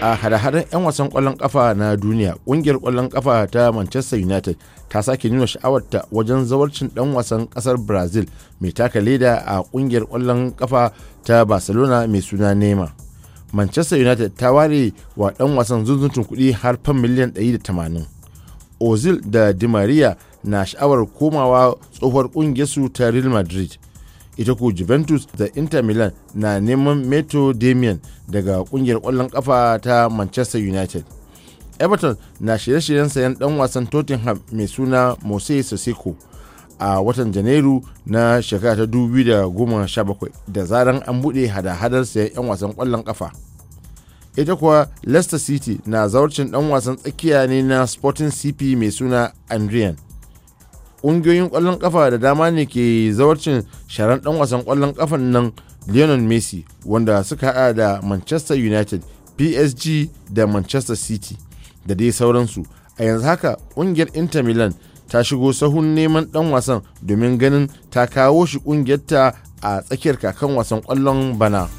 a hada-hadan 'yan wasan kwallon kafa na duniya kungiyar kwallon kafa ta manchester united ta sake nuna sha'awarta wajen zawarcin dan wasan kasar brazil mai taka leda a kungiyar kwallon kafa ta barcelona mai suna nema manchester united ta ware wa dan wasan zunzuntun kuɗi har fan miliyan 180 ozil da di maria na sha'awar komawa tsohuwar kungiyarsu ta real madrid ita ku juventus da inter milan na neman meto damian daga kungiyar kwallon kafa ta manchester united everton na shirye-shiryen sayan dan wasan tottenham mai suna mose sissoko a watan janairu na shekara ta 2017 da zaran an buɗe hada-hadar sayan 'yan wasan kwallon kafa ita kuwa leicester city na zaurcin dan wasan tsakiya ne na sporting cp mai suna andrian ƙungiyoyin ƙwallon ƙafa da dama ne ke zawarcin sharan ɗan wasan ƙwallon kafan nan Lionel Messi wanda suka haɗa da Manchester United, PSG da Manchester City da dai sauransu. A yanzu haka ƙungiyar Inter Milan ta shigo sahun neman ɗan wasan domin ganin ta kawo shi ƙungiyarta a tsakiyar kakan wasan ƙwallon bana.